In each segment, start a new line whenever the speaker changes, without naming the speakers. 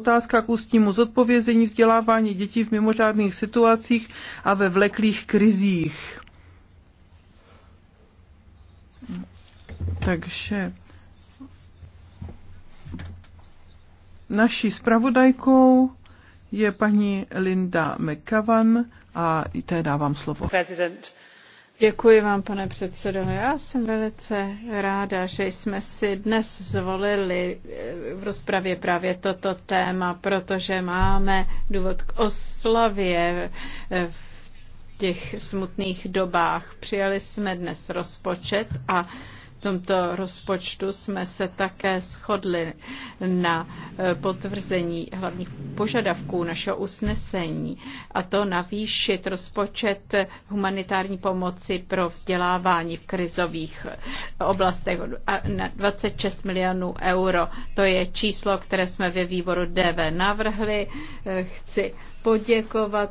otázka k ústnímu zodpovězení vzdělávání dětí v mimořádných situacích a ve vleklých krizích. Takže naší zpravodajkou je paní Linda McCavan a té dávám slovo. President. Děkuji vám, pane předsedo. Já
jsem velice ráda, že jsme si dnes zvolili eh, v rozpravě právě toto téma, protože máme důvod k oslavě eh, v těch smutných dobách. Přijali jsme dnes rozpočet a v tomto rozpočtu jsme se také shodli na eh, potvrzení hlavních požadavků našeho usnesení, a to navýšit rozpočet humanitární pomoci pro vzdělávání v krizových eh, oblastech na 26 milionů euro. To je číslo, které jsme ve výboru DV navrhli. Eh, chci poděkovat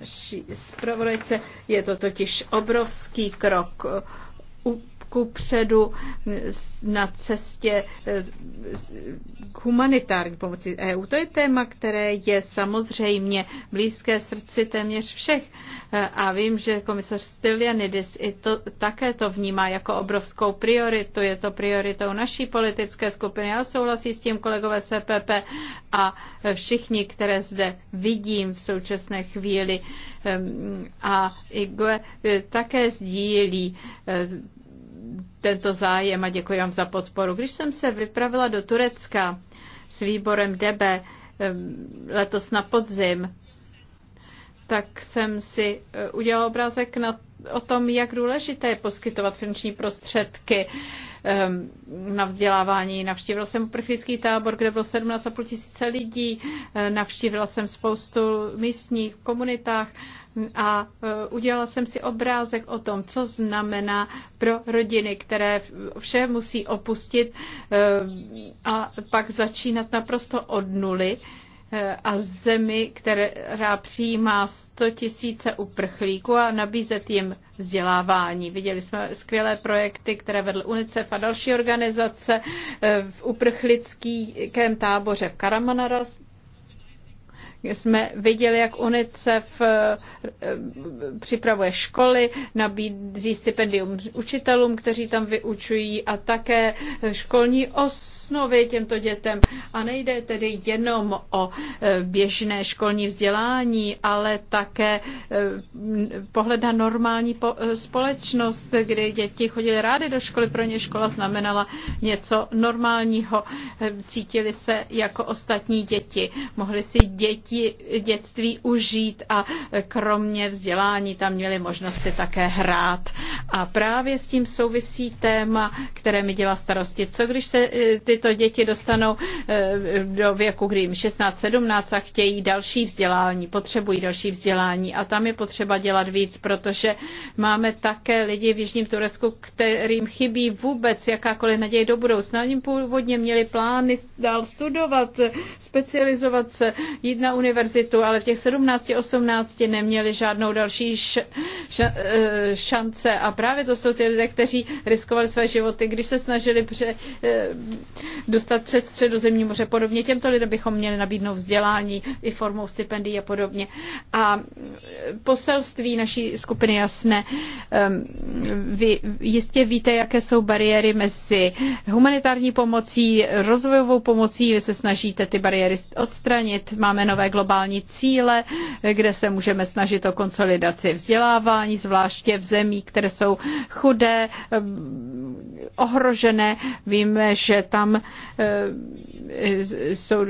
naší zpravodajce. Je to totiž obrovský krok ku předu na cestě e, k humanitární pomoci EU. To je téma, které je samozřejmě blízké srdci téměř všech. E, a vím, že komisař Stylianidis i to, také to vnímá jako obrovskou prioritu. Je to prioritou naší politické skupiny. Já souhlasí s tím kolegové CPP e a všichni, které zde vidím v současné chvíli. A Igue také sdílí tento zájem a děkuji vám za podporu. Když jsem se vypravila do Turecka s výborem DEBE eh, letos na podzim, tak jsem si eh, udělala obrázek na, o tom, jak důležité je poskytovat finanční prostředky eh, na vzdělávání. Navštívil jsem uprchlický tábor, kde bylo 17,5 tisíce lidí. Navštívila jsem spoustu místních komunitách a e, udělala jsem si obrázek o tom, co znamená pro rodiny, které vše musí opustit e, a pak začínat naprosto od nuly e, a zemi, která přijímá 100 tisíce uprchlíků a nabízet jim vzdělávání. Viděli jsme skvělé projekty, které vedl UNICEF a další organizace v uprchlickém táboře v Karamanaras, jsme viděli, jak UNICEF eh, připravuje školy, nabízí stipendium učitelům, kteří tam vyučují a také školní osnovy těmto dětem. A nejde tedy jenom o eh, běžné školní vzdělání, ale také eh, pohled na normální společnost, kdy děti chodili rádi do školy, pro ně škola znamenala něco normálního, cítili se jako ostatní děti, mohli si děti dětství užít a kromě vzdělání tam měli možnost si také hrát. A právě s tím souvisí téma, které mi dělá starosti. Co když se eh, tyto děti dostanou eh, do věku, kdy jim 16-17 a chtějí další vzdělání, potřebují další vzdělání a tam je potřeba dělat víc, protože máme také lidi v Jižním Turecku, kterým chybí vůbec jakákoliv naděje do budoucna. Oni původně měli plány dál studovat, specializovat se, jít na univerzitu, ale v těch 17-18 neměli žádnou další eh, šance. A právě to jsou ty lidé, kteří riskovali své životy, když se snažili pře, eh, dostat přes středozemní moře. Podobně těmto lidem bychom měli nabídnout vzdělání i formou stipendií a podobně. A poselství naší skupiny jasné. Ehm, vy jistě víte, jaké jsou bariéry mezi humanitární pomocí, rozvojovou pomocí. Vy se snažíte ty bariéry odstranit. Máme nové globální cíle, kde se můžeme snažit o konsolidaci vzdělávání, zvláště v zemích, které jsou chudé, eh, ohrožené. Víme, že tam eh, jsou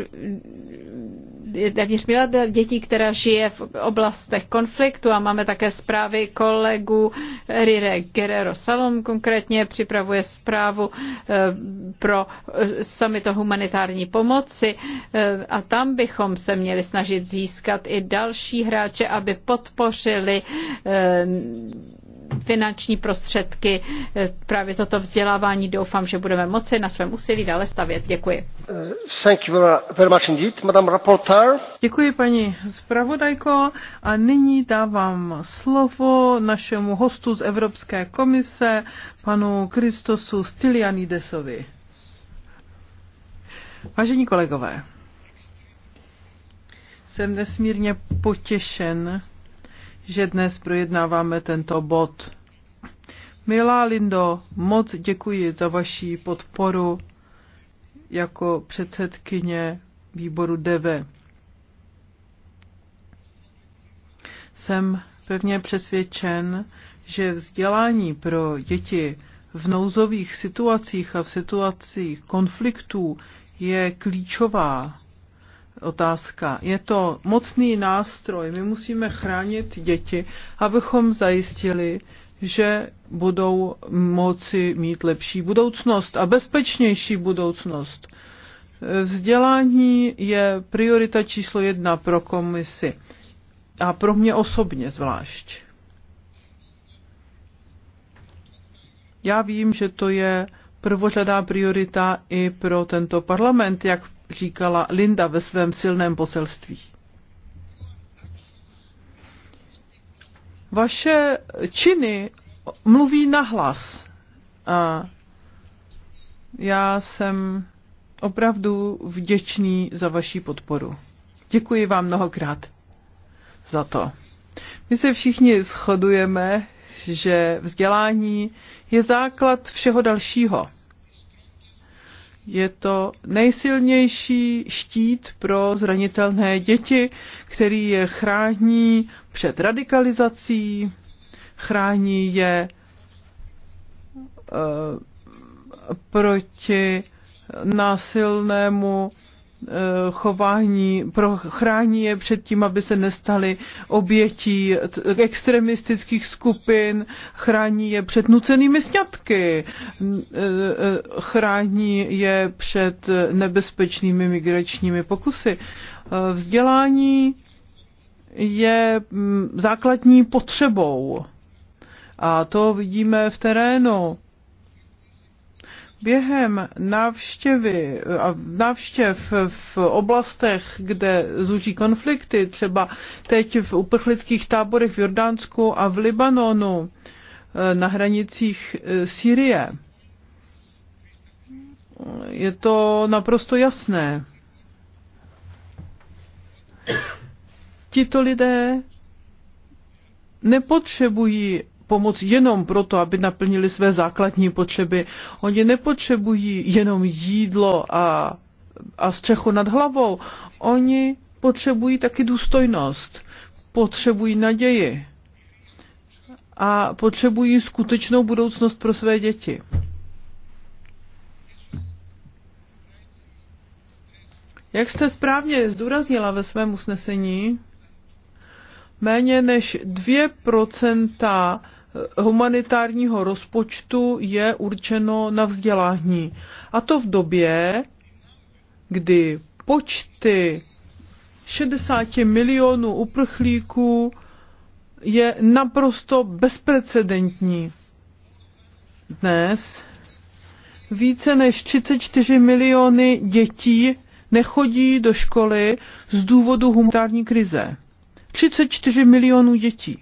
téměř milion dětí, která žije v oblastech konfliktu a máme také zprávy kolegu Rire Guerrero Salom konkrétně připravuje zprávu eh, pro eh, sami to humanitární pomoci eh, a tam bychom se měli snažit získat i další hráče, aby podpořili finanční prostředky. Eh, právě toto vzdělávání doufám, že budeme moci na svém úsilí dále stavět. Děkuji.
Eh, thank you very much indeed,
madam Rapporteur. Děkuji paní zpravodajko a nyní dávám slovo našemu hostu z Evropské komise, panu Kristosu Stylianidesovi. Vážení kolegové, jsem nesmírně potěšen, že dnes projednáváme tento bod. Milá Lindo, moc děkuji za vaši podporu jako předsedkyně výboru DV. Jsem pevně přesvědčen, že vzdělání pro děti v nouzových situacích a v situacích konfliktů je klíčová otázka. Je to mocný nástroj. My musíme chránit děti, abychom zajistili, že budou moci mít lepší budoucnost a bezpečnější budoucnost. Vzdělání je priorita číslo jedna pro komisi a pro mě osobně zvlášť. Já vím, že to je prvořadá priorita i pro tento parlament, jak říkala Linda ve svém silném poselství. Vaše činy mluví nahlas. A já jsem opravdu vděčný za vaši podporu. Děkuji vám mnohokrát za to. My se všichni shodujeme, že vzdělání je základ všeho dalšího je to nejsilnější štít pro zranitelné děti, který je chrání před radikalizací, chrání je eh, proti násilnému Eh, chování, pro, chrání je před tím, aby se nestali obětí extremistických skupin, chrání je před nucenými sňatky, eh, eh, chrání je před nebezpečnými migračními pokusy. Vzdělání je mm, základní potřebou. A to vidíme v terénu Během návštěvy a návštěv v oblastech, kde zuží konflikty, třeba teď v uprchlických táborech v Jordánsku a v Libanonu eh, na hranicích eh, Sýrie, je to naprosto jasné. Tito lidé nepotřebují pomoc jenom proto, aby naplnili své základní potřeby. Oni nepotřebují jenom jídlo a, a střechu nad hlavou. Oni potřebují taky důstojnost, potřebují naději a potřebují skutečnou budoucnost pro své děti. Jak jste správně zdůraznila ve svém usnesení, méně než 2% humanitárního rozpočtu je určeno na vzdělání. A to v době, kdy počty 60 milionů uprchlíků je naprosto bezprecedentní. Dnes více než 34 miliony dětí nechodí do školy z důvodu humanitární krize. 34 milionů dětí.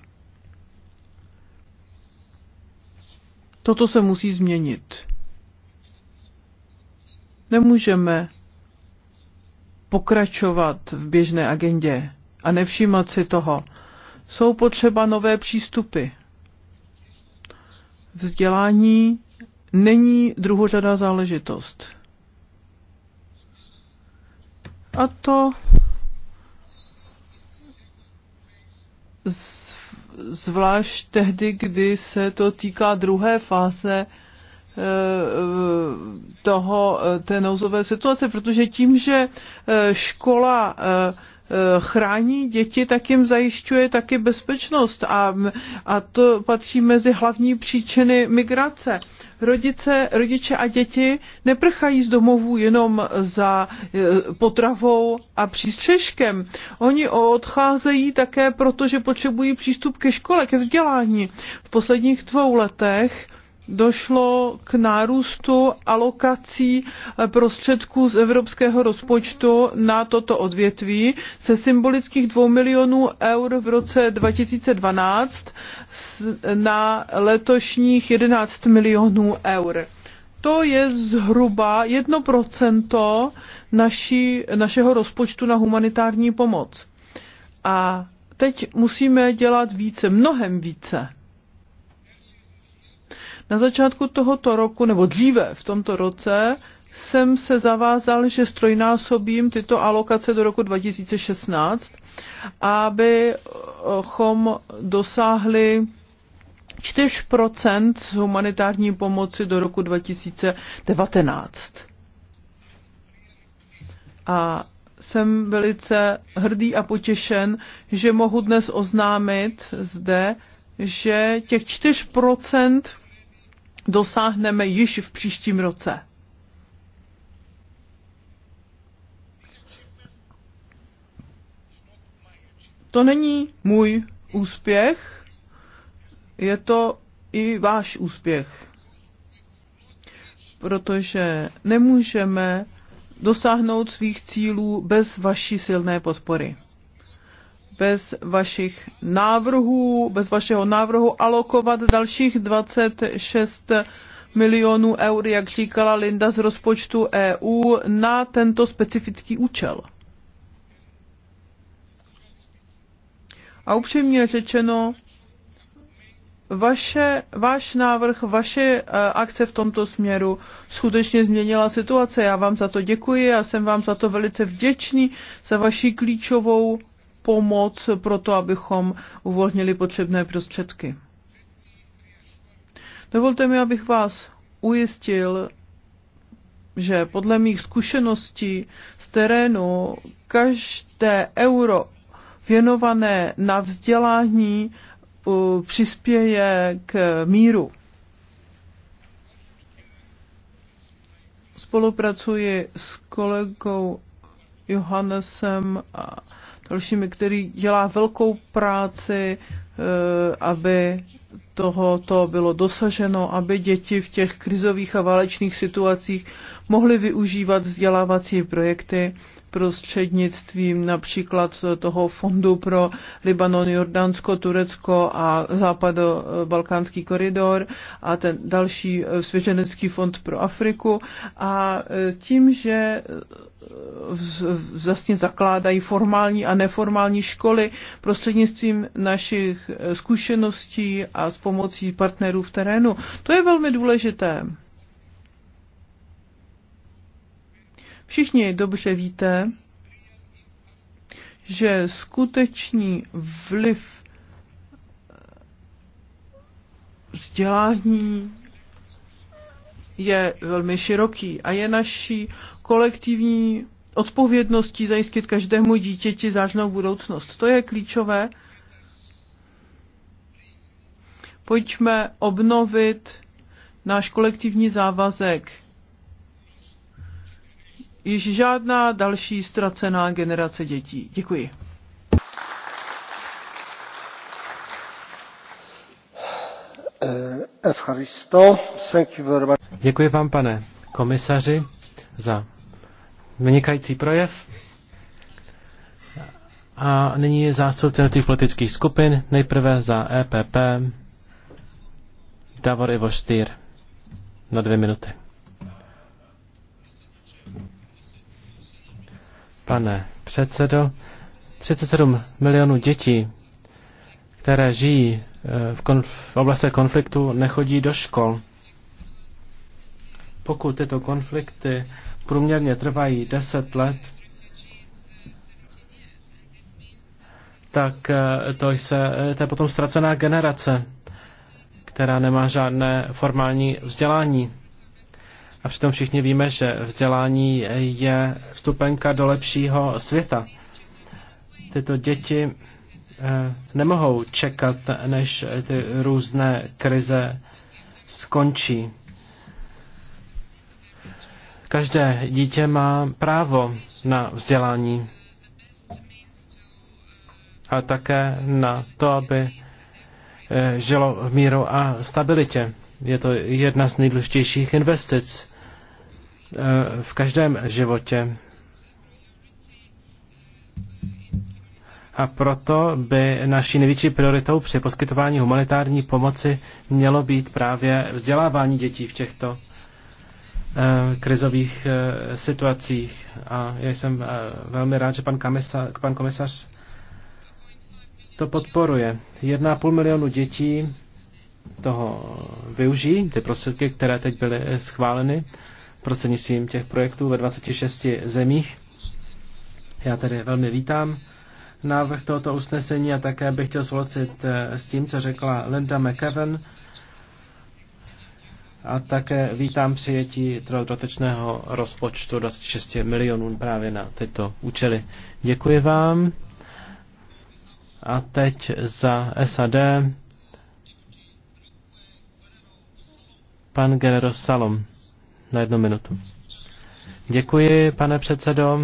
Toto se musí změnit. Nemůžeme pokračovat v běžné agendě a nevšímat si toho. Jsou potřeba nové přístupy. Vzdělání není druhořada záležitost. A to z zvlášť tehdy, kdy se to týká druhé fáze eh, toho, eh, té nouzové situace, protože tím, že eh, škola Eh, chrání děti, tak jim zajišťuje taky bezpečnost a, a to patří mezi hlavní příčiny migrace. Rodice, rodiče a děti neprchají z domovů jenom za eh, potravou a přístřežkem. Oni odcházejí také proto, že potřebují přístup ke škole, ke vzdělání. V posledních dvou letech došlo k nárůstu alokací eh, prostředků z evropského rozpočtu na toto odvětví se symbolických 2 milionů eur v roce 2012 na letošních 11 milionů eur. To je zhruba 1% naší, našeho rozpočtu na humanitární pomoc. A teď musíme dělat více, mnohem více na začátku tohoto roku, nebo dříve v tomto roce, jsem se zavázal, že strojnásobím tyto alokace do roku 2016, abychom dosáhli 4 z humanitární pomoci do roku 2019. A jsem velice hrdý a potěšen, že mohu dnes oznámit zde, že těch 4 dosáhneme již v příštím roce. To není můj úspěch, je to i váš úspěch, protože nemůžeme dosáhnout svých cílů bez vaší silné podpory bez vašich návrhů, bez vašeho návrhu alokovat dalších 26 milionů eur, jak říkala Linda z rozpočtu EU, na tento specifický účel. A upřímně řečeno, vaše, váš návrh, vaše eh, akce v tomto směru skutečně změnila situace. Já vám za to děkuji a jsem vám za to velice vděčný, za vaši klíčovou pomoc pro to, abychom uvolnili potřebné prostředky. Dovolte mi, abych vás ujistil, že podle mých zkušeností z terénu každé euro věnované na vzdělání přispěje k míru. Spolupracuji s kolegou Johannesem a dalšími, který dělá velkou práci, eh, aby tohoto bylo dosaženo, aby děti v těch krizových a válečných situacích mohly využívat vzdělávací projekty prostřednictvím například toho fondu pro Libanon, Jordánsko, Turecko a západo-balkánský koridor a ten další svěřenecký fond pro Afriku a tím, že vlastně zakládají formální a neformální školy prostřednictvím našich zkušeností a s pomocí partnerů v terénu. To je velmi důležité. Všichni dobře víte, že skutečný vliv eh, vzdělání je velmi široký a je naší kolektivní odpovědností zajistit každému dítěti zážnou budoucnost. To je klíčové. Pojďme obnovit náš kolektivní závazek již žádná další ztracená generace
dětí. Děkuji. Eh, Děkuji vám, pane komisaři, za vynikající projev. A nyní je zástupce těch politických skupin, nejprve za EPP, Davor Ivoštýr, na dvě minuty. pane předsedo. 37 milionů dětí, které žijí eh, v, konf- v oblasti konfliktu, nechodí do škol. Pokud tyto konflikty průměrně trvají 10 let, tak eh, to se, eh, to je potom ztracená generace, která nemá žádné formální vzdělání. A přitom všichni víme, že vzdělání je vstupenka do lepšího světa. Tyto děti eh, nemohou čekat, než ty různé krize skončí. Každé dítě má právo na vzdělání a také na to, aby eh, žilo v míru a stabilitě. Je to jedna z nejdůležitějších investic Eh, v každém životě. A proto by naší největší prioritou při poskytování humanitární pomoci mělo být právě vzdělávání dětí v těchto eh, krizových eh, situacích. A já jsem velmi rád, že pan, kamisa, pan komisař to podporuje. 1,5 milionu dětí toho využijí, ty prostředky, které teď byly schváleny prostřednictvím těch projektů ve 26 zemích. Já tedy velmi vítám návrh tohoto usnesení a také bych chtěl souhlasit eh, s tím, co řekla Linda McEwen. A také vítám přijetí dodatečného rozpočtu 26 milionů právě na tyto účely. Děkuji vám. A teď za SAD pan Guerrero Salom na jednu minutu. Děkuji, pane předsedo,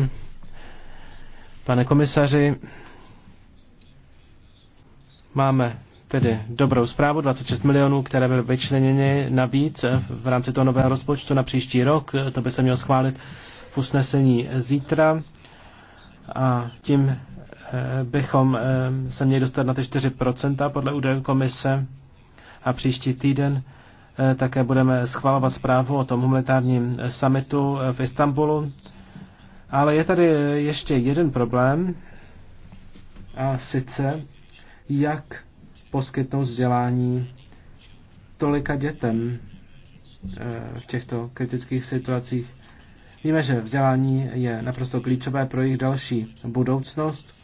pane komisaři. Máme tedy dobrou zprávu, 26 milionů, které byly vyčleněny navíc v rámci toho nového rozpočtu na příští rok. To by se mělo schválit v usnesení zítra. A tím eh, bychom eh, se měli dostat na ty 4% podle údajů komise. A příští týden Eh, také budeme schvalovat zprávu o tom humanitárním eh, summitu eh, v Istanbulu. Ale je tady ještě jeden problém, a sice jak poskytnout vzdělání tolika dětem v těchto kritických situacích. Víme, že vzdělání je naprosto klíčové pro jejich další budoucnost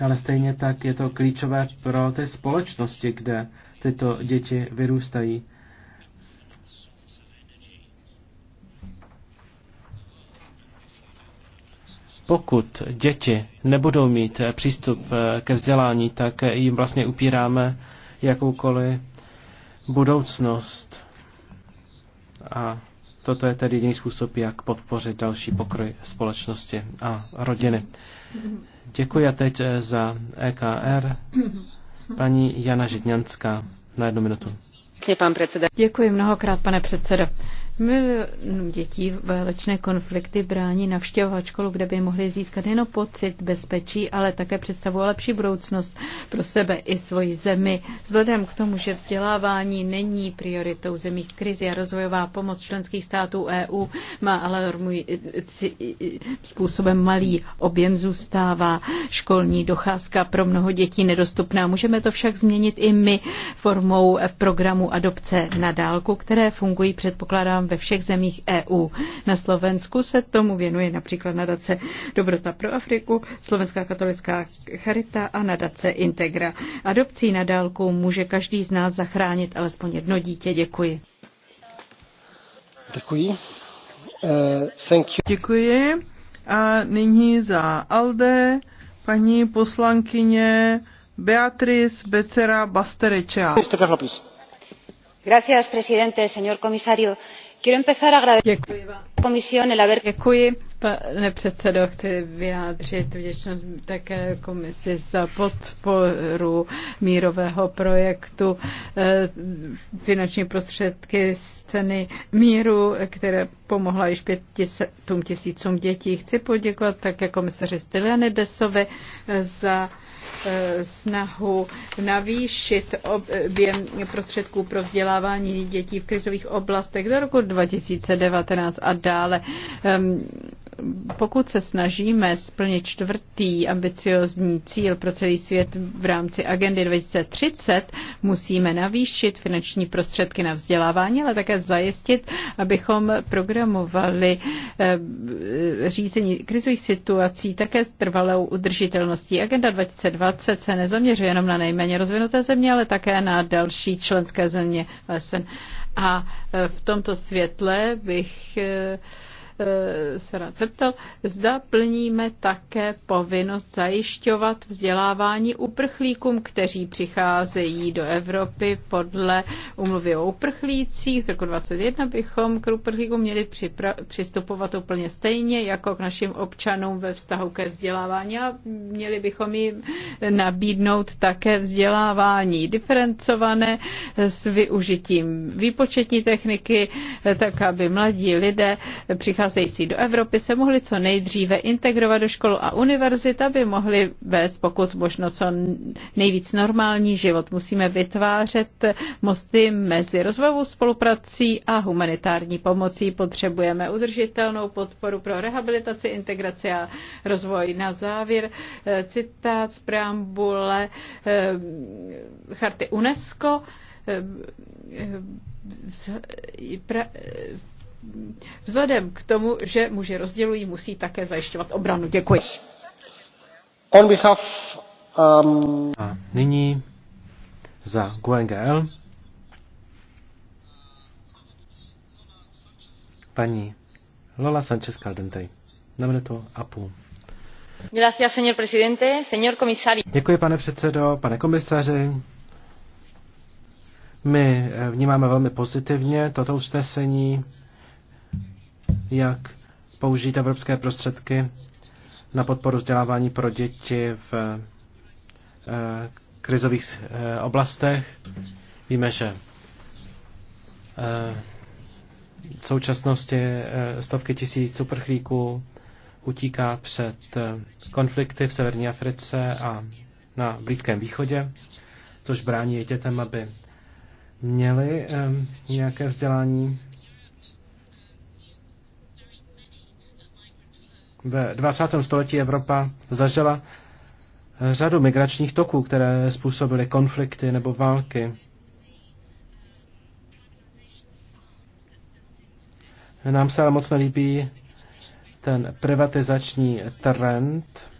ale stejně tak je to klíčové pro ty společnosti, kde tyto děti vyrůstají. Pokud děti nebudou mít přístup ke vzdělání, tak jim vlastně upíráme jakoukoliv budoucnost. A toto je tedy jediný způsob, jak podpořit další pokroj společnosti a rodiny. Děkuji a teď eh, za EKR paní Jana Židňanská na jednu minutu.
Děkuji mnohokrát, pane předsedo. Mil dětí válečné konflikty brání navštěvovat školu, kde by mohli získat jen pocit bezpečí, ale také představu o lepší budoucnost pro sebe i svoji zemi. Vzhledem k tomu, že vzdělávání není prioritou zemí krizi a rozvojová pomoc členských států EU má alarmující způsobem malý objem zůstává školní docházka pro mnoho dětí nedostupná. Můžeme to však změnit i my formou programu adopce na dálku, které fungují předpokládám program ve všech zemích EU. Na Slovensku se tomu věnuje například nadace Dobrota pro Afriku, Slovenská katolická charita a nadace Integra. Adopcí na dálku může každý z nás zachránit alespoň jedno dítě. Děkuji.
Děkuji. Uh, thank you. Děkuji. A nyní za ALDE paní poslankyně Beatriz Becera Basterečea.
Gracias, presidente, señor comisario. Děkuji vám. Děkuji, pane předsedo. Chci vyjádřit vděčnost také komisi za podporu mírového projektu eh, finanční prostředky z ceny míru, které pomohla již pětisetům tisícům dětí. Chci poděkovat také komisaři Stylianidesovi eh, za Eh, snahu navýšit objem prostředků pro vzdělávání dětí v krizových oblastech do roku 2019 a dále pokud se snažíme splnit čtvrtý ambiciozní cíl pro celý svět v rámci agendy 2030, musíme navýšit finanční prostředky na vzdělávání, ale také zajistit, abychom programovali eh, řízení krizových situací také s trvalou udržitelností. Agenda 2020 2020 se nezaměřuje jenom na nejméně rozvinuté země, ale také na další členské země lesen. A e, v tomto světle bych e, Eh, se rád zeptal, zda plníme také povinnost zajišťovat vzdělávání uprchlíkům, kteří přicházejí do Evropy podle umluvy o uprchlících. Z roku 2021 bychom k uprchlíkům měli přistupovat úplně stejně jako k našim občanům ve vztahu ke vzdělávání a měli bychom jim nabídnout také vzdělávání diferencované eh, s využitím výpočetní techniky, eh, tak aby mladí lidé přicházeli přicházející do Evropy se mohli co nejdříve integrovat do školu a univerzit, aby mohli vést pokud možno co nejvíc normální život. Musíme vytvářet mosty mezi rozvojovou spoluprací a humanitární pomocí. Potřebujeme udržitelnou podporu pro rehabilitaci, integraci a rozvoj. Na závěr eh, citát z preambule eh, charty UNESCO eh, vzhledem k tomu, že muži rozdělují, musí také zajišťovat obranu. Děkuji.
On behalf, um... A
nyní za GUNGL paní Lola Sanchez Caldente. Na minutu a půl.
Gracias, señor presidente, señor comisario. Děkuji,
pane předsedo, pane komisaři. My eh, vnímáme velmi pozitivně toto usnesení jak použít evropské prostředky na podporu vzdělávání pro děti v eh, krizových eh, oblastech. Víme, že eh, v současnosti stovky tisíc uprchlíků utíká před konflikty v severní Africe a na Blízkém východě, což brání dětem, aby měli nějaké vzdělání Ve 20. století Evropa zažila řadu migračních toků, které způsobily konflikty nebo války. Nám se ale moc nelíbí ten privatizační trend,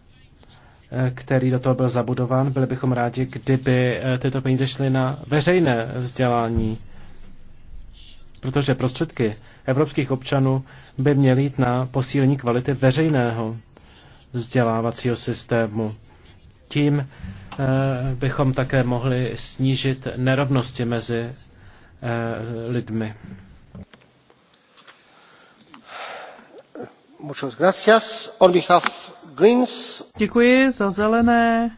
který do toho byl zabudován. Byli bychom rádi, kdyby eh, tyto peníze šly na veřejné vzdělání protože prostředky evropských občanů by měly jít na posílení kvality veřejného vzdělávacího systému. Tím eh, bychom také mohli snížit nerovnosti mezi eh, lidmi. Muchas gracias. On behalf
Greens. Děkuji za zelené.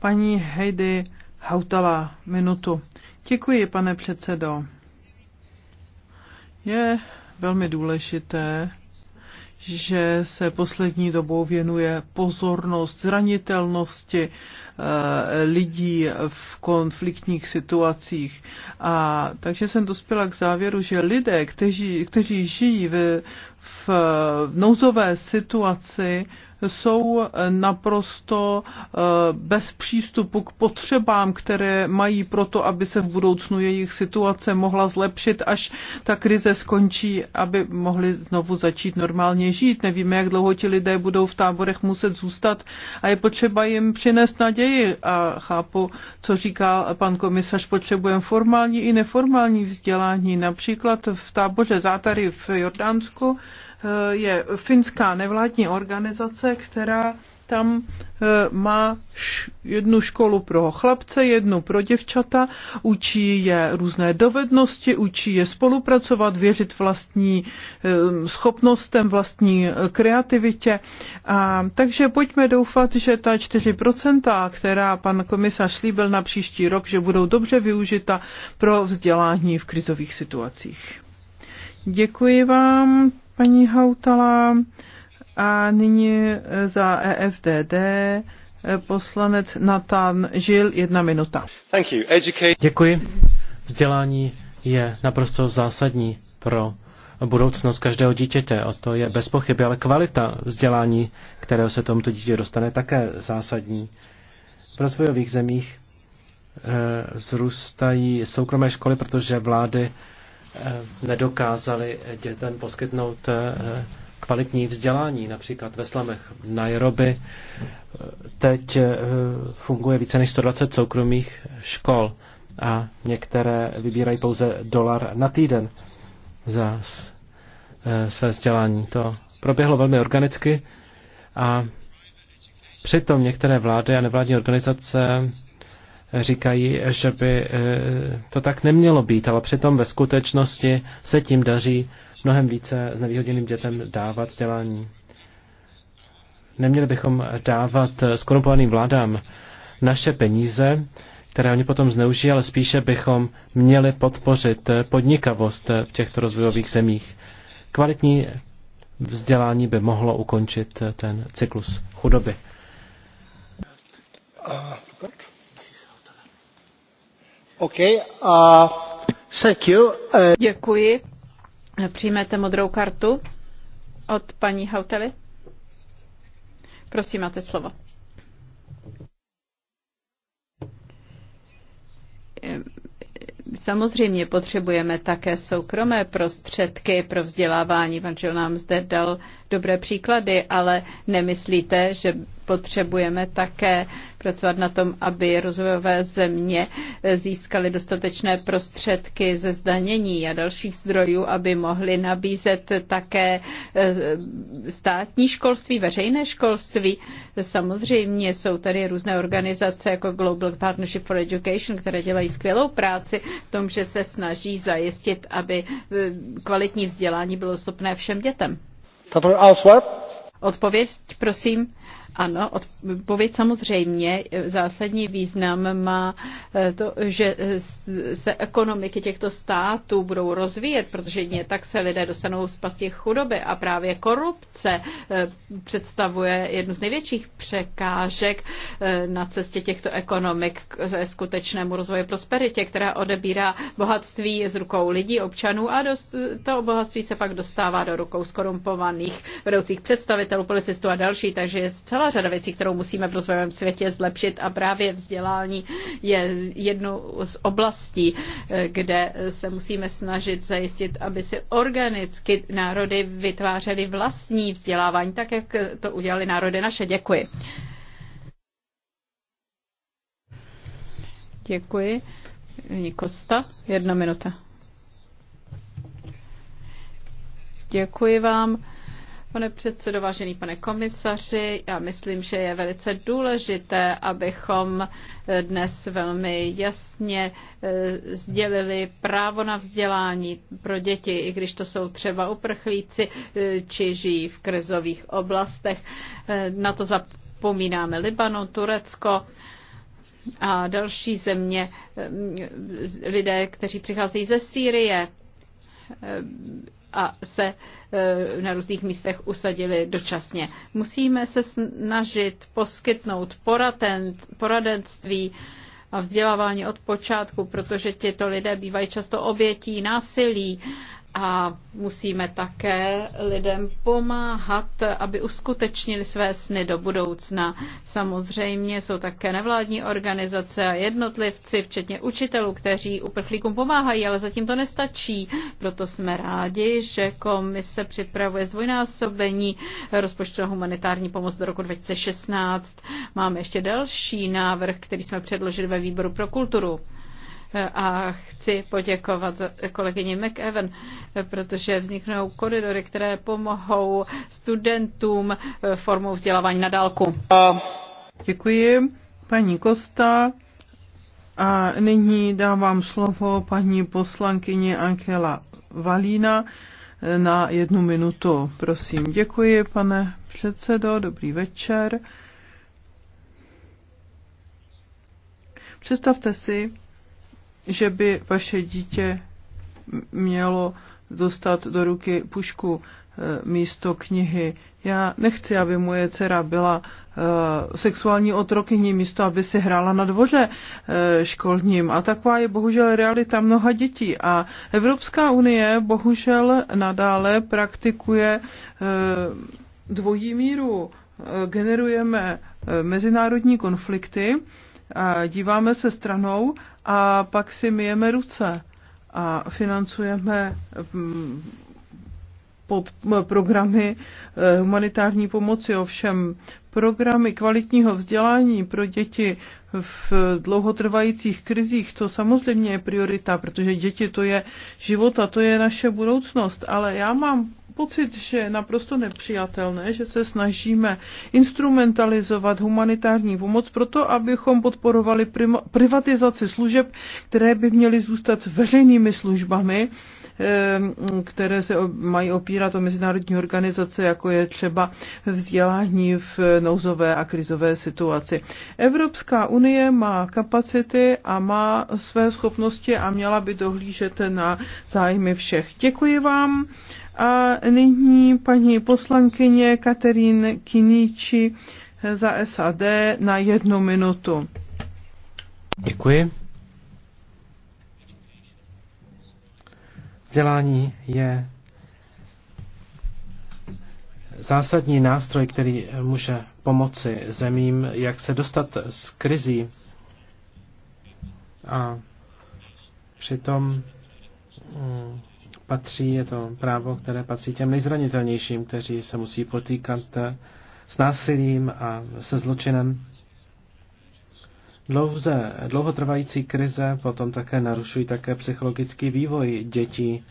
Paní Heidi Hautala, minutu. Děkuji, pane předsedo. Je velmi důležité, že se poslední dobou věnuje pozornost zranitelnosti eh, lidí v konfliktních situacích. A takže jsem dospěla k závěru, že lidé, kteří, kteří žijí v, v nouzové situaci, jsou naprosto eh, bez přístupu k potřebám, které mají proto, aby se v budoucnu jejich situace mohla zlepšit, až ta krize skončí, aby mohli znovu začít normálně žít. Nevíme, jak dlouho ti lidé budou v táborech muset zůstat a je potřeba jim přinést naději. A chápu, co říká pan komisař, potřebujeme formální i neformální vzdělání. Například v táboře Zátary v Jordánsku Eh, je finská nevládní organizace, která tam eh, má jednu školu pro chlapce, jednu pro děvčata, učí je různé dovednosti, učí je spolupracovat, věřit vlastní eh, schopnostem, vlastní kreativitě. A, takže pojďme doufat, že ta 4%, která pan komisař slíbil na příští rok, že budou dobře využita pro vzdělání v krizových situacích. Děkuji vám paní Hautala. A nyní za EFDD poslanec Nathan Žil, jedna minuta.
Děkuji. Vzdělání je naprosto zásadní pro budoucnost každého dítěte. O to je bez pochyby, ale kvalita vzdělání, kterého se tomuto dítě dostane, také zásadní. V rozvojových zemích eh, vzrůstají soukromé školy, protože vlády Eh, nedokázali dětem poskytnout eh, kvalitní vzdělání, například ve slamech v Nairobi. Eh, teď funguje více než 120 soukromých škol a některé vybírají pouze dolar na týden za své vzdělání. To proběhlo velmi organicky a přitom některé vlády a nevládní organizace říkají, že by eh, to tak nemělo být, ale přitom ve skutečnosti se tím daří mnohem více znevýhodněným dětem dávat vzdělání. Neměli bychom dávat skorumpovaným vládám naše peníze, které oni potom zneužijí, ale spíše bychom měli podpořit podnikavost v těchto rozvojových zemích. Kvalitní vzdělání by mohlo ukončit ten cyklus chudoby.
Eh, Děkuji.
Přijmete modrou kartu od paní Hautely? Prosím, máte slovo. Samozřejmě potřebujeme také soukromé prostředky pro vzdělávání. Pan nám zde dal dobré příklady, ale nemyslíte, že potřebujeme také pracovat na tom, aby rozvojové země získaly dostatečné prostředky ze zdanění a dalších zdrojů, aby mohly nabízet také eh, státní školství, veřejné školství. Samozřejmě jsou tady různé organizace jako Global Partnership for Education, které dělají skvělou práci v tom, že se snaží zajistit, aby eh, kvalitní vzdělání bylo dostupné všem dětem. Odpověď, prosím. Ano, odpověď samozřejmě. Zásadní význam má eh, to, že eh, se ekonomiky těchto států budou rozvíjet, protože jedině tak se lidé dostanou z pasti chudoby a právě korupce eh, představuje jednu z největších překážek na cestě těchto ekonomik k skutečnému rozvoji prosperitě, která odebírá bohatství z rukou lidí, občanů a to bohatství se pak dostává do rukou skorumpovaných vedoucích představitelů, policistů a další, takže je zcela celá řada věcí, kterou musíme v rozvojovém světě zlepšit a právě vzdělání je jednou z oblastí, eh, kde se musíme snažit zajistit, aby si organicky národy vytvářely vlastní vzdělávání, tak jak to udělali národy naše. Děkuji. Děkuji. Nikosta, jedna minuta. Děkuji vám. Pane předsedo, vážený pane komisaři, já myslím, že je velice důležité, abychom eh, dnes velmi jasně eh, sdělili právo na vzdělání pro děti, i když to jsou třeba uprchlíci eh, či žijí v krizových oblastech. Na to zapomínáme Libanon, Turecko a další země, lidé, kteří přicházejí ze Sýrie a se eh, na různých místech usadili dočasně. Musíme se snažit poskytnout poradenství a vzdělávání od počátku, protože tyto lidé bývají často obětí násilí a musíme také lidem pomáhat, aby uskutečnili své sny do budoucna. Samozřejmě jsou také nevládní organizace a jednotlivci, včetně učitelů, kteří uprchlíkům pomáhají, ale zatím to nestačí. Proto jsme rádi, že komise připravuje zdvojnásobení rozpočtu na humanitární pomoc do roku 2016. Máme ještě další návrh, který jsme předložili ve výboru pro kulturu a chci poděkovat kolegyni McEwen, protože vzniknou koridory, které pomohou studentům formou vzdělávání na dálku.
Děkuji, paní Kosta. A nyní dávám slovo paní poslankyni Angela Valína na jednu minutu. Prosím, děkuji, pane předsedo, dobrý večer. Představte si, že by vaše dítě mělo dostat do ruky pušku eh, místo knihy. Já nechci, aby moje dcera byla eh, sexuální otrokyní místo, aby si hrála na dvoře eh, školním. A taková je bohužel realita mnoha dětí. A Evropská unie bohužel nadále praktikuje dvojí míru. Generujeme mezinárodní konflikty a díváme se stranou a pak si myjeme ruce a financujeme mm, pod programy eh, humanitární pomoci. Ovšem programy kvalitního vzdělání pro děti v dlouhotrvajících krizích, to samozřejmě je priorita, protože děti to je život a to je naše budoucnost. Ale já mám pocit, že je naprosto nepřijatelné, že se snažíme instrumentalizovat humanitární pomoc proto, abychom podporovali privatizaci služeb, které by měly zůstat veřejnými službami, ehm, které se mají opírat o mezinárodní organizace, jako je třeba vzdělání v nouzové a krizové situaci. Evropská unie má kapacity a má své schopnosti a měla by dohlížet na zájmy všech. Děkuji vám. A nyní paní poslankyně Katerín Kiníči za SAD na jednu minutu.
Děkuji. Vzdělání je zásadní nástroj, který může pomoci zemím, jak se dostat z krizí. A přitom mm, patří, je to právo, které patří těm nejzranitelnějším, kteří se musí potýkat s násilím a se zločinem. Dlouze, dlouhotrvající krize potom také narušují také psychologický vývoj dětí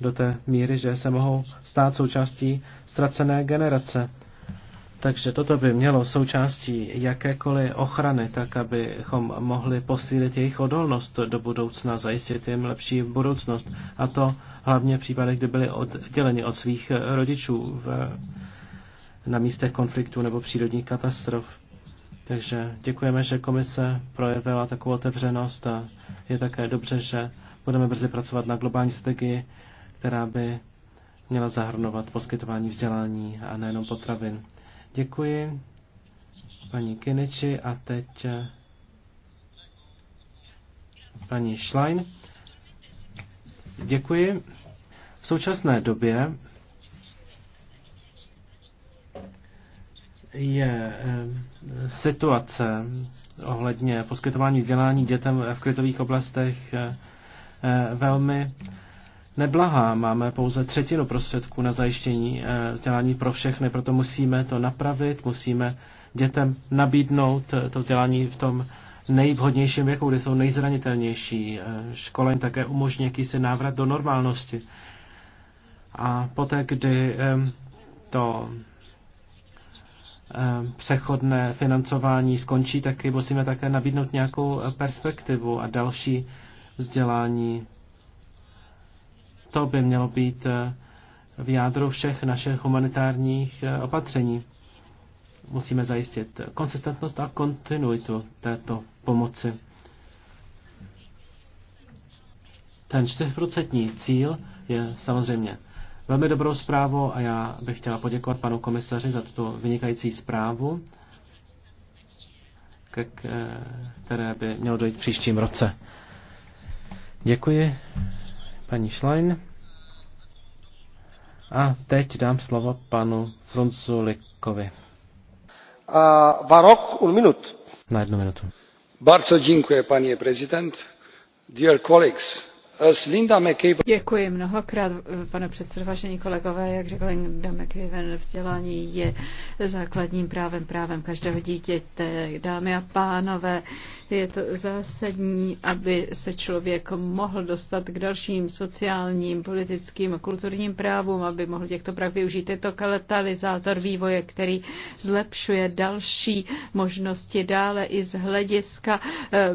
do té míry, že se mohou stát součástí ztracené generace. Takže toto by mělo součástí jakékoliv ochrany, tak abychom mohli posílit jejich odolnost do budoucna, zajistit jim lepší budoucnost. A to hlavně v případech, kdy byli odděleni od svých rodičů v, na místech konfliktu nebo přírodních katastrof. Takže děkujeme, že komise projevila takovou otevřenost a je také dobře, že budeme brzy pracovat na globální strategii, která by měla zahrnovat poskytování vzdělání a nejenom potravin. Děkuji paní Keneči a teď eh, paní Schlein. Děkuji. V současné době je eh, situace ohledně poskytování vzdělání dětem v krizových oblastech eh, velmi neblahá. Máme pouze třetinu prostředků na zajištění eh, vzdělání pro všechny, proto musíme to napravit, musíme dětem nabídnout eh, to vzdělání v tom nejvhodnějším věku, kde jsou nejzranitelnější. Eh, Školeň také umožní jakýsi návrat do normálnosti. A poté, kdy to přechodné financování skončí, taky musíme také nabídnout nějakou perspektivu a další vzdělání to by mělo být eh, v jádru všech našich humanitárních eh, opatření. Musíme zajistit konsistentnost a kontinuitu této pomoci. Ten čtyřprocentní cíl je samozřejmě velmi dobrou zprávou a já bych chtěla poděkovat panu komisaři za tuto vynikající zprávu, eh, které by mělo dojít příštím roce. Děkuji paní Schlein. A teď dám slovo panu Frunzulikovi.
Uh, varok, un minut. Na jednu minutu. Bardzo dziękuję, panie prezident. Dear colleagues, Eh,
Děkuji mnohokrát, eh, pane předsedo, vážení kolegové. Jak řekl, Linda McCaven, vzdělání je základním právem, právem každého dítěte. Dámy a pánové, je to zásadní, aby se člověk mohl dostat k dalším sociálním, politickým a kulturním právům, aby mohl těchto práv využít. Je to katalyzátor vývoje, který zlepšuje další možnosti dále i z hlediska eh,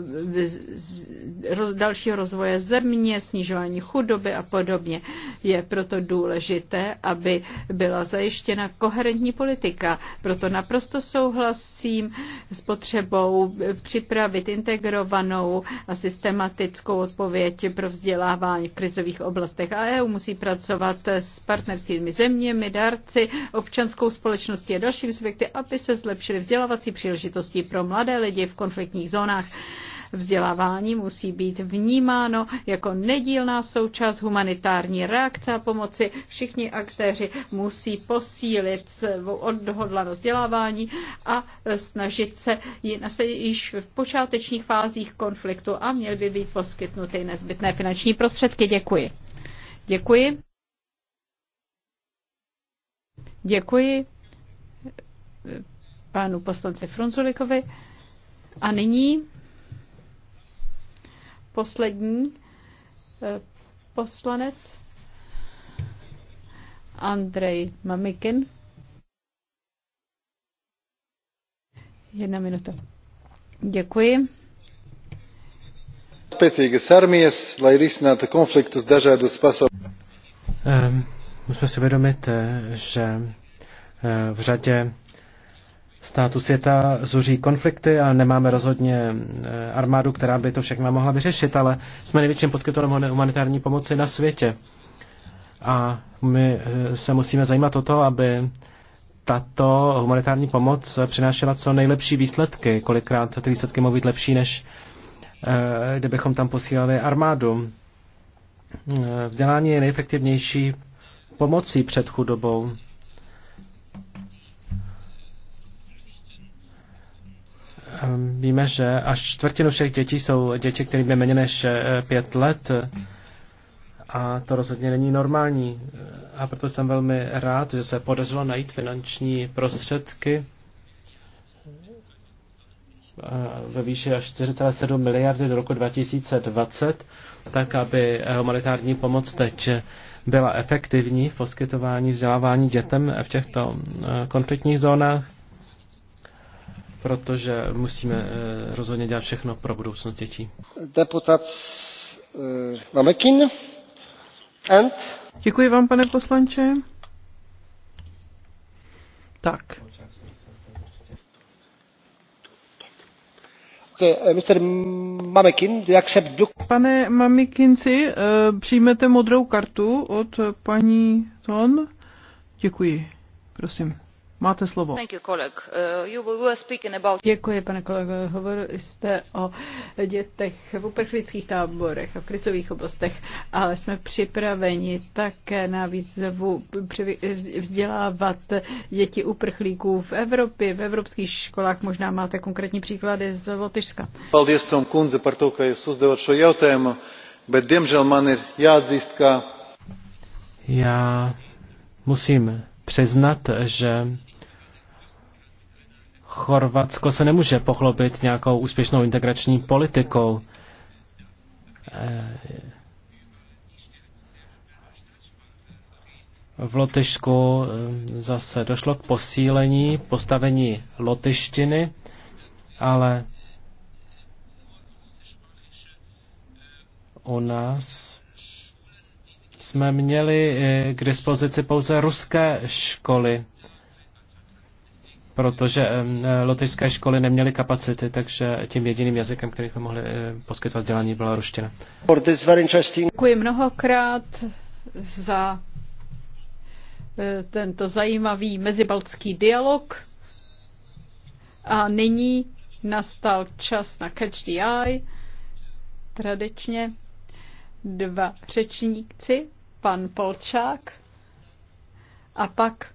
dalšího rozvoje země, země, snižování chudoby a podobně. Je proto důležité, aby byla zajištěna koherentní politika. Proto naprosto souhlasím s potřebou připravit integrovanou a systematickou odpověď pro vzdělávání v krizových oblastech. A EU musí pracovat s partnerskými zeměmi, dárci, občanskou společností a dalšími subjekty, aby se zlepšily vzdělávací příležitosti pro mladé lidi v konfliktních zónách. Vzdělávání musí být vnímáno jako nedílná součást humanitární reakce a pomoci. Všichni aktéři musí posílit svou odhodlanost vzdělávání a snažit se již v počátečních fázích konfliktu a měly by být poskytnuty nezbytné finanční prostředky. Děkuji. Děkuji. Děkuji Panu poslanci Frunzulikovi. A nyní poslední eh, poslanec Andrej Mamikin. Jedna minuta. Děkuji.
Spēcīgas armijas, lai risinātu konfliktus dažādos pasaules.
Ehm, musíme si vědomit, eh, že eh, v řadě státu světa zuří konflikty a nemáme rozhodně e, armádu, která by to všechno mohla vyřešit, ale jsme největším poskytovatelem humanitární pomoci na světě. A my e, se musíme zajímat o to, aby tato humanitární pomoc přinášela co nejlepší výsledky. Kolikrát ty výsledky mohou být lepší, než e, kdybychom tam posílali armádu. Vzdělání je nejefektivnější pomocí před chudobou. Ehm, víme, že až čtvrtinu všech dětí jsou děti, kterým je méně než eh, pět let a to rozhodně není normální. Eh, a proto jsem velmi rád, že se podařilo najít finanční prostředky eh, ve výši až 4,7 miliardy do roku 2020, tak aby humanitární pomoc teď byla efektivní v poskytování vzdělávání dětem v těchto konfliktních zónách protože musíme eh, rozhodně dělat všechno pro budoucnost dětí.
Deputat
Mamekin. Eh, and? Děkuji vám, pane poslanče.
Tak. Eh,
pane Mamikinci, přijmete modrou kartu od paní Ton? Děkuji. Prosím. Máte slovo. Uh,
Děkuji, pane kolego. Hovorili jste o dětech v uprchlických táborech a v krizových oblastech, ale jsme připraveni také na výzvu vzdělávat děti uprchlíků v Evropě, v evropských školách. Možná máte konkrétní příklady z Lotyšska.
Já musím přiznat, že Chorvatsko se nemůže pochlobit nějakou úspěšnou integrační politikou. Eh, v Lotyšku eh, zase došlo k posílení postavení lotyštiny, ale u nás jsme měli eh, k dispozici pouze ruské školy protože e, lotyšské školy neměly kapacity, takže tím jediným jazykem, který jsme mohli e, poskytovat vzdělání, byla ruština. Děkuji
mnohokrát za e, tento zajímavý mezibaltský dialog. A nyní nastal čas na Catch the Eye. Tradičně dva řečníci, pan Polčák a pak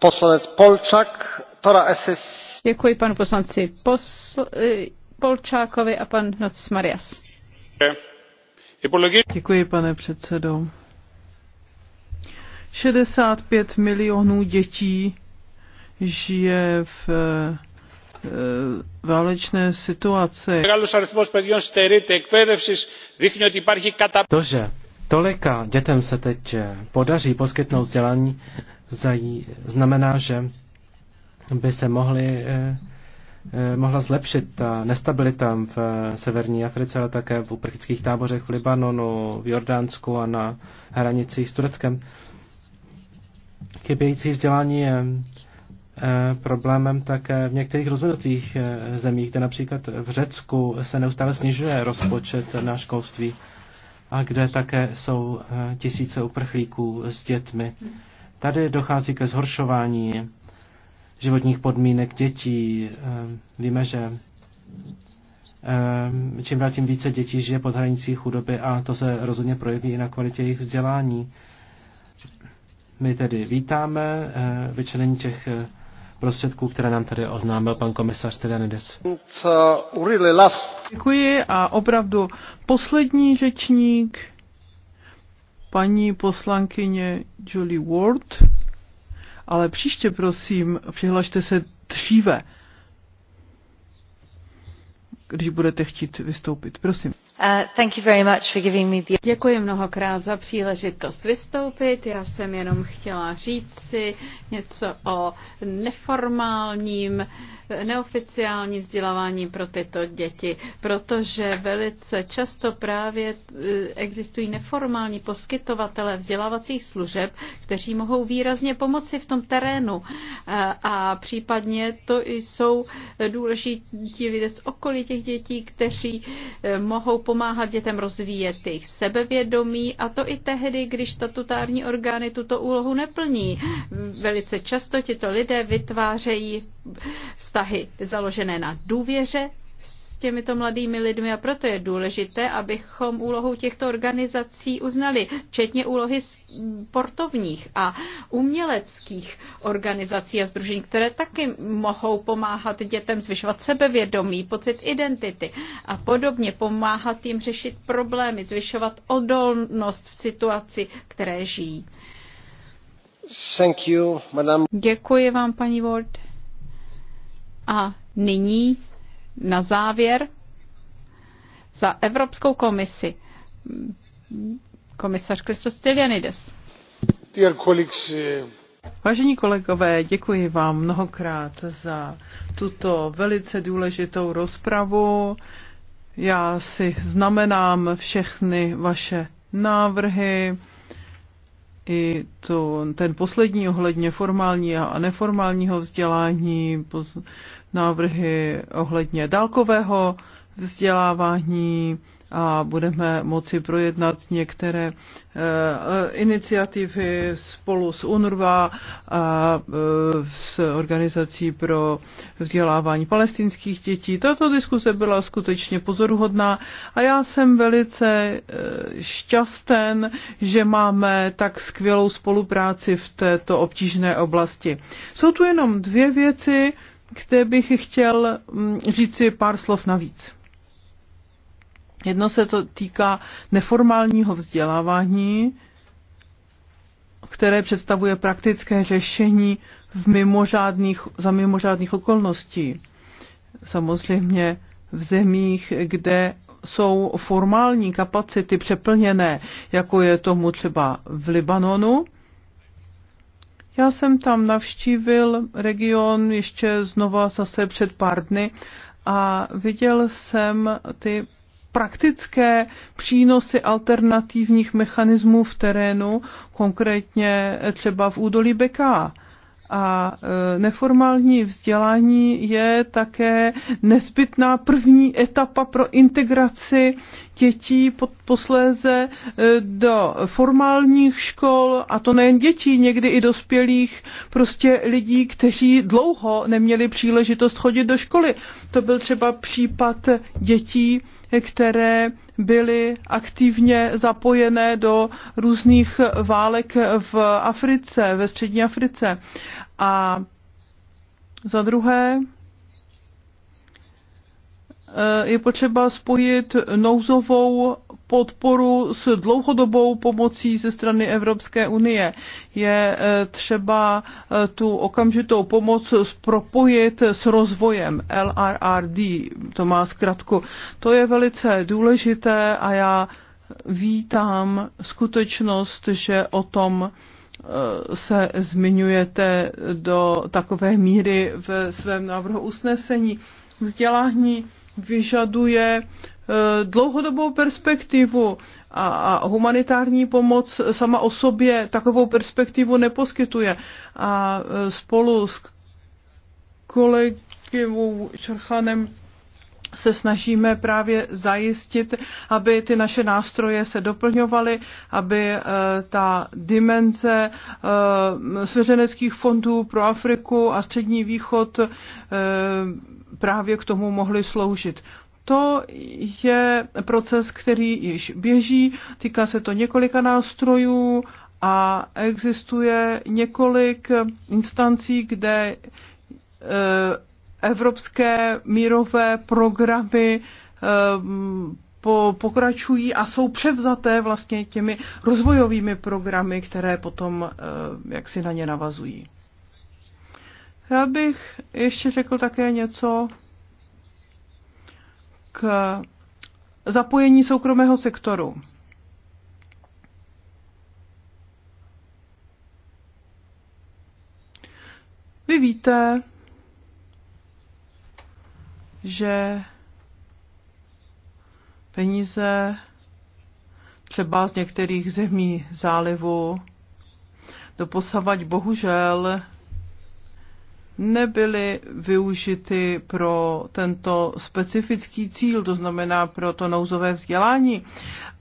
Poslanec Polčák, tora SS. Děkuji
panu poslanci Posl... Eh, Polčákovi a pan Noc Marias.
Děkuji, pane předsedo. 65 milionů dětí žije v eh,
eh, válečné situaci. To, že Tolika dětem se teď eh, podaří poskytnout vzdělání, znamená, že by se mohly, eh, eh, mohla zlepšit ta nestabilita v severní Africe, ale také v uprchických tábořech v Libanonu, v Jordánsku a na hranicích s Tureckem. Chybějící vzdělání je problémem také v některých rozvinutých zemích, kde například v Řecku se neustále snižuje rozpočet na školství a kde také jsou eh, tisíce uprchlíků s dětmi. Tady dochází ke zhoršování životních podmínek dětí. Eh, víme, že eh, čím dál tím více dětí žije pod hranicí chudoby a to se rozhodně projeví i na kvalitě jejich vzdělání. My tedy vítáme vyčlenění těch prostředků, které nám tady oznámil pan komisař Stylianides.
Děkuji a opravdu poslední řečník, paní poslankyně Julie Ward, ale příště prosím, přihlašte se dříve, když budete chtít vystoupit. Prosím.
Uh, Děkuji mnohokrát za příležitost vystoupit. Já jsem jenom chtěla říct si něco o neformálním neoficiální vzdělávání pro tyto děti, protože velice často právě e, existují neformální poskytovatele vzdělávacích služeb, kteří mohou výrazně pomoci v tom terénu e, a případně to jsou důležití lidé z okolí těch dětí, kteří e, mohou pomáhat dětem rozvíjet jejich sebevědomí a to i tehdy, když statutární orgány tuto úlohu neplní. Velice často tito lidé vytvářejí vztahy založené na důvěře s těmito mladými lidmi a proto je důležité, abychom úlohu těchto organizací uznali, včetně úlohy sportovních a uměleckých organizací a združení, které taky mohou pomáhat dětem zvyšovat sebevědomí, pocit identity a podobně, pomáhat jim řešit problémy, zvyšovat odolnost v situaci, které žijí. Thank you, madam. Děkuji vám, paní Ward. A nyní na závěr za Evropskou komisi komisař Kristos Stylianides.
Eh,
Vážení kolegové, děkuji vám mnohokrát za tuto velice důležitou rozpravu. Já si znamenám všechny vaše návrhy i to, ten poslední ohledně formálního a neformálního vzdělání, návrhy ohledně dálkového vzdělávání a budeme moci projednat některé eh, iniciativy spolu s UNRWA a eh, s Organizací pro vzdělávání palestinských dětí. Tato diskuse byla skutečně pozoruhodná a já jsem velice eh, šťasten, že máme tak skvělou spolupráci v této obtížné oblasti. Jsou tu jenom dvě věci, kde bych chtěl mm, říci pár slov navíc. Jedno se to týká neformálního vzdělávání, které představuje praktické řešení v mimořádných, za mimořádných okolností. Samozřejmě v zemích, kde jsou formální kapacity přeplněné, jako je tomu třeba v Libanonu, já jsem tam navštívil region ještě znova zase před pár dny a viděl jsem ty praktické přínosy alternativních mechanismů v terénu, konkrétně třeba v údolí Beká a e, neformální vzdělání je také nezbytná první etapa pro integraci dětí pod posléze e, do formálních škol, a to nejen dětí, někdy i dospělých, prostě lidí, kteří dlouho neměli příležitost chodit do školy. To byl třeba případ dětí, které byly aktivně zapojené do různých válek v Africe, ve střední Africe. A za druhé, eh, je potřeba spojit nouzovou podporu s dlouhodobou pomocí ze strany Evropské unie. Je eh, třeba eh, tu okamžitou pomoc propojit s rozvojem LRRD, to má zkratku. To je velice důležité a já vítám skutečnost, že o tom eh, se zmiňujete do takové míry v svém návrhu usnesení. Vzdělání vyžaduje Eh, dlouhodobou perspektivu a, humanitární pomoc sama o sobě takovou perspektivu neposkytuje. A eh, spolu s kolegou Čerchanem se snažíme právě zajistit, aby ty naše nástroje se doplňovaly, aby eh, ta dimenze svěřeneckých fondů pro Afriku a Střední východ právě k tomu mohly sloužit. To je proces, který již běží, týká se to několika nástrojů a existuje několik instancí, kde eh, evropské mírové programy eh, po, pokračují a jsou převzaté vlastně těmi rozvojovými programy, které potom eh, jak si na ně navazují. Já bych ještě řekl také něco k zapojení soukromého sektoru. Vy víte, že peníze třeba z některých zemí zálivu doposavať bohužel nebyly využity pro tento specifický cíl, to znamená pro to nouzové vzdělání.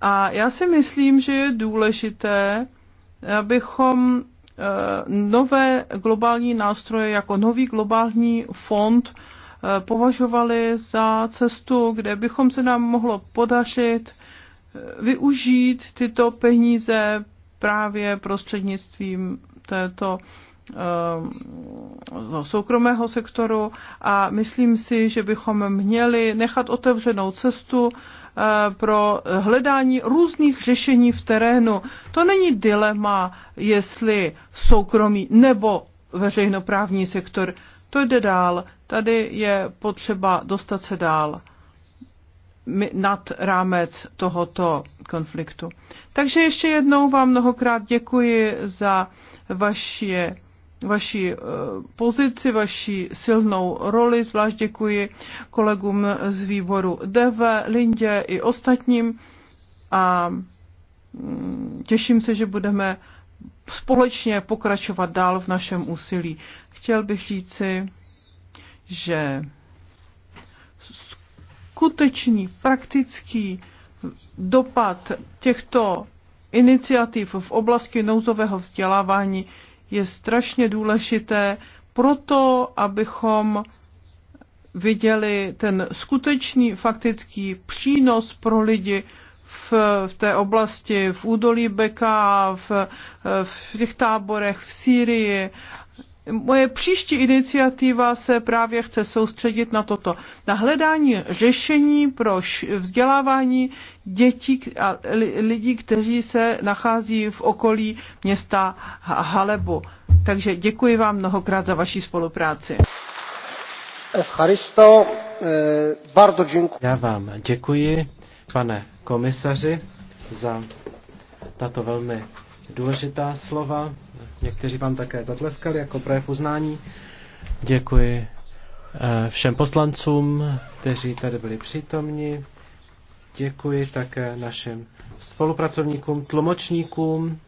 A já si myslím, že je důležité, abychom eh, nové globální nástroje jako nový globální fond eh, považovali za cestu, kde bychom se nám mohlo podařit eh, využít tyto peníze právě prostřednictvím této Eh, soukromého sektoru a myslím si, že bychom měli nechat otevřenou cestu eh, pro hledání různých řešení v terénu. To není dilema, jestli soukromý nebo veřejnoprávní sektor. To jde dál. Tady je potřeba dostat se dál nad rámec tohoto konfliktu. Takže ještě jednou vám mnohokrát děkuji za vaše vaši eh, pozici, vaši silnou roli. Zvlášť děkuji kolegům z výboru DV, Lindě i ostatním a mm, těším se, že budeme společně pokračovat dál v našem úsilí. Chtěl bych říci, že skutečný praktický dopad těchto iniciativ v oblasti nouzového vzdělávání je strašně důležité proto, abychom viděli ten skutečný faktický přínos pro lidi v, v té oblasti, v údolí Beka, v, v těch táborech v Sýrii Moje příští iniciativa se právě chce soustředit na toto, na hledání řešení pro vzdělávání dětí a lidí, kteří se nachází v okolí města Halebu. Takže děkuji vám mnohokrát za vaši spolupráci.
Charisto, eh, bardzo děkuji. Já vám děkuji, pane komisaři, za tato velmi důležitá slova. Někteří vám také zatleskali jako projev uznání. Děkuji eh, všem poslancům, kteří tady byli přítomni. Děkuji také našim spolupracovníkům, tlumočníkům.